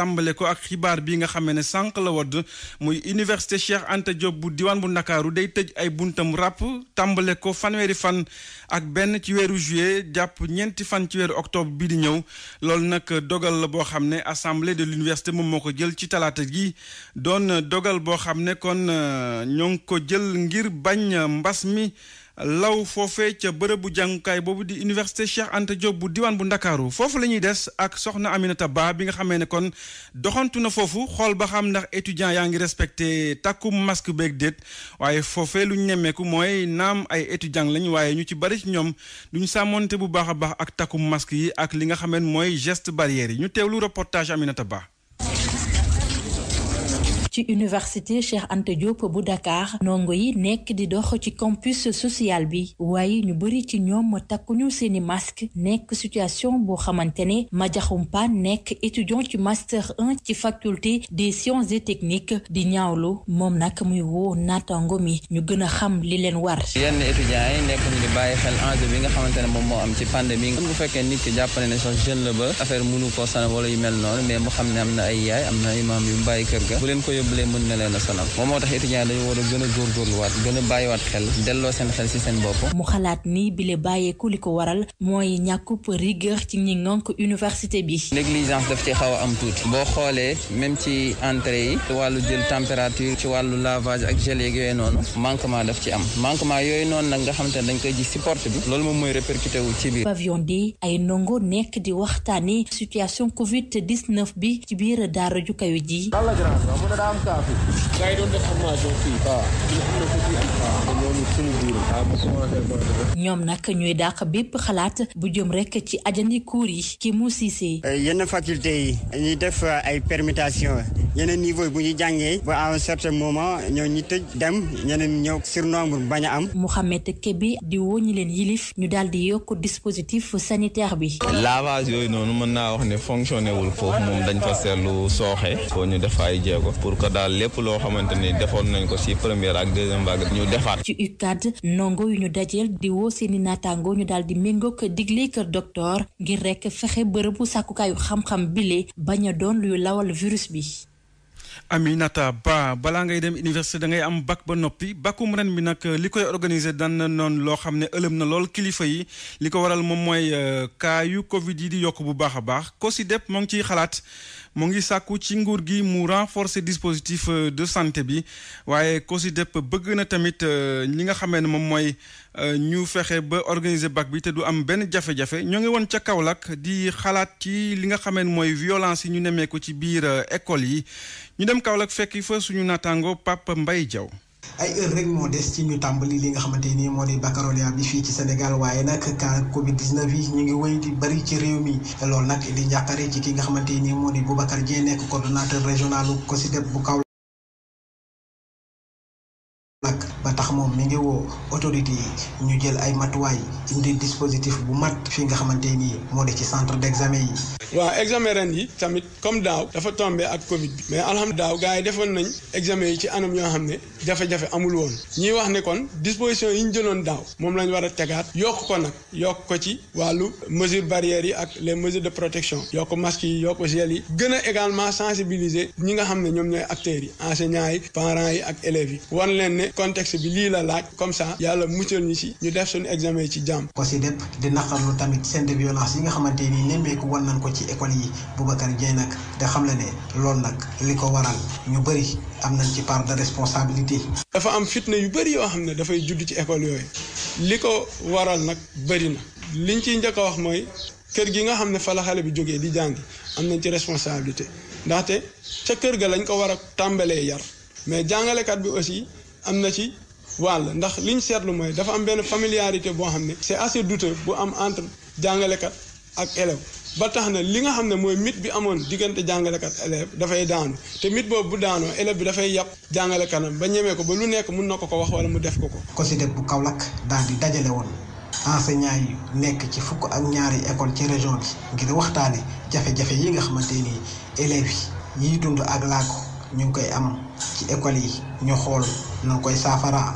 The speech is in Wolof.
tàmbale ko ak xibaar bi nga xame ne sànq la wadd muy université Cheikh Anta Diop bu diwaan bu Ndakaaru day tëj ay buntam ràpp tàmbale ko fanweeri fan ak benn ci weeru juillet jàpp ñeenti fan ci weeru octobre bi di ñëw loolu nag dogal la boo xam ne assemblée de l'université moom moo ko jël ci talaata gi doon dogal boo xam ne kon euh, ñoo ngi ko jël ngir bañ mbas mi law foofee ca bërëbu jàngukaay boobu di université Cheikh ente Diop bu diwaan bu ndakaaru foofu la ñuy des ak soxna Aminata Ba bi nga xamee ne kon doxantu na foofu xool ba xam ndax étudiant yaa ngi respecté takku masque beeg déet waaye foofee lu ñu nemmeeku mooy naam ay étudiant lañu waaye ñu ci bari ci ñoom ñu sàmmoonte bu baax a baax ak takku masque yi ak li nga xamee mooy geste barrière yi ñu teewlu reportage Aminata Ba. ci université Cheikh Anta Diop bu Dakar ndongo yi nekk di dox ci campus social bi waaye ñu bari ci ñoom takkuñu seeni masque nekk situation boo xamante ne Madiakhoumpa nekk étudiant ci master 1 ci faculté des sciences et techniques di ñaawlu moom nag muy woo naataango mi ñu gën a xam li leen war. yenn étudiants yi nekk ñu di bàyyi xel enjeu bi nga xamante ne moom moo am ci pandémie bu fekkee nit ki jàpp ne sax jeune la ba affaire mënu ko san wala yu mel noonu mais mu am na ay am na ay yu mu bàyyi yóbbulee mën na leen a sonal moom moo tax étudiants dañu war a gën a góorgóorluwaat gën a bàyyiwaat xel delloo seen xel ci seen bopp. mu xalaat ni bile bàyyeeku li ko waral mooy ñàkkub rigueur ci ci xaw a am tuuti boo nga xam te ne koy gis ci bi loolu moom mooy répercuté ci biir. pavillon di ay ndongo nekk di waxtaanee situation Covid 19 bi ci biir daara ju ji. am kaafi. gars ñoom nag ñuy dàq bépp xalaat bu jëm rekk ci ajandi cours yi ki mu yenn faculté yi ñuy def euh, ay permutation yeneen niveau yi bu ñu jàngee ba à un certain moment ñoo ñu tëj dem ñeneen ñëw surnombre bañ a am. Mouhamed Kébé di woo leen yilif ñu daal di yokk dispositif sanitaire bi. lavage yooyu noonu mën naa wax ne fonctionné wul foofu moom dañ fa seetlu sooxe. foo ñu def ay que daal lépp loo xamante ni defoon nañ ko si première ak deuxième vague ñu defaat. ci UCAD ndongo yu ñu dajeel di woo seeni naataango ñu daal di méngoog digle kër docteur ngir rek fexe bërëbu sàkkukaayu xam-xam bile bañ a doon luy lawal virus bi. Aminata Ba balaa ngay dem université da ngay am bac ba noppi bacum ren bi nag li koy organiser dan noon loo xam ne ëlëm na lool kilifa yi li ko waral moom mooy euh, cas yu Covid yi di yokk bu baax a baax ko si xalaat. mu ngi sàkku ci nguur gi mu renforcer dispositif euh, de santé bi waaye COSYDEP bëgg na tamit ñi euh, nga xamee ne moom mooy euh, ñu fexe ba organiser bac bi te du am benn jafe-jafe ñoo ngi woon ca Kaolack di xalaat ci li nga xamee ne mooy violence yi ñu nemmeeku ci biir école yi ñu dem Kaolack fekk fa suñu naataango Pape mbay Diaw. ay heure rek moo des ci ñu tàmbali li nga xamante nii moo di baccalauréat bi fii ci Sénégal waaye nag cas Covid 19 yi ñu ngi wéy di bëri ci réew mi loolu nag di njàqare ci ki nga xamante nii moo di Boubacar Dieng nekk coordonnateur régional COSYDEP bu kaw ba tax moom mi ngi woo autorité yi ñu jël ay matuwaay indi dispositif bu mat fi nga xamante nii moo de ci centre d' examen yi. waaw examen ren yi tamit comme daaw dafa tombé ak Covid bi mais alhamdulilah daaw gars yi defoon nañ examen yi ci anam yoo xam ne jafe-jafe amul woon ñuy wax ne kon disposition yi ñu jëloon daaw moom lañ war a tegaat yokk ko nag yokk ko ci wàllu mesure barrières yi ak les mesures de protection yokk masques yi yokk gel yi gën a également ñi nga xam ne ñoom ñooy acteurs yi enseignants yi yi ak élèves texte bi lii la laaj comme ça yàlla muccal ñu si ñu def suñu examen yi ci jàmm. COSYDEP di naqarlu nga xamante ni nemmeeku wan nañ ko ci école yi Boubacar Dieng nag te xam la ne loolu nag li ko waral ñu bëri am nañ ci part de responsabilité. dafa am fitna yu bëri yoo xam ne dafay judd ci école yooyu li ko waral nag bëri na liñ ciy njëkk a wax mooy kër gi nga xam ne fala xale bi jógee di jàngi am na ci responsabilité ndaxte ca kër ga lañ ko war a tàmbalee yar mais jàngalekat bi aussi. am na ci wàll ndax li ñu seetlu mooy dafa am benn familiarité boo xam ne c'est assez douteux bu am entre jàngalekat ak élève ba tax na li nga xam ne mooy mit bi amoon diggante jàngalekat élève dafay daanu te mit boobu bu daanoo élève bi dafay yàpp jàngalekanam ba ñemee ko ba lu nekk mun na ko ko wax wala mu def ko ko COSYDEP bu kaw Kaolack daal di dajale woon enseignants yu nekk ci fukk ak ñaari école ci région bi ngir waxtaane jafe-jafe yi nga xamante nii élèves yi yiy dund ak laa ñu ngi koy am ci école yi ñu xool na koy saafaraa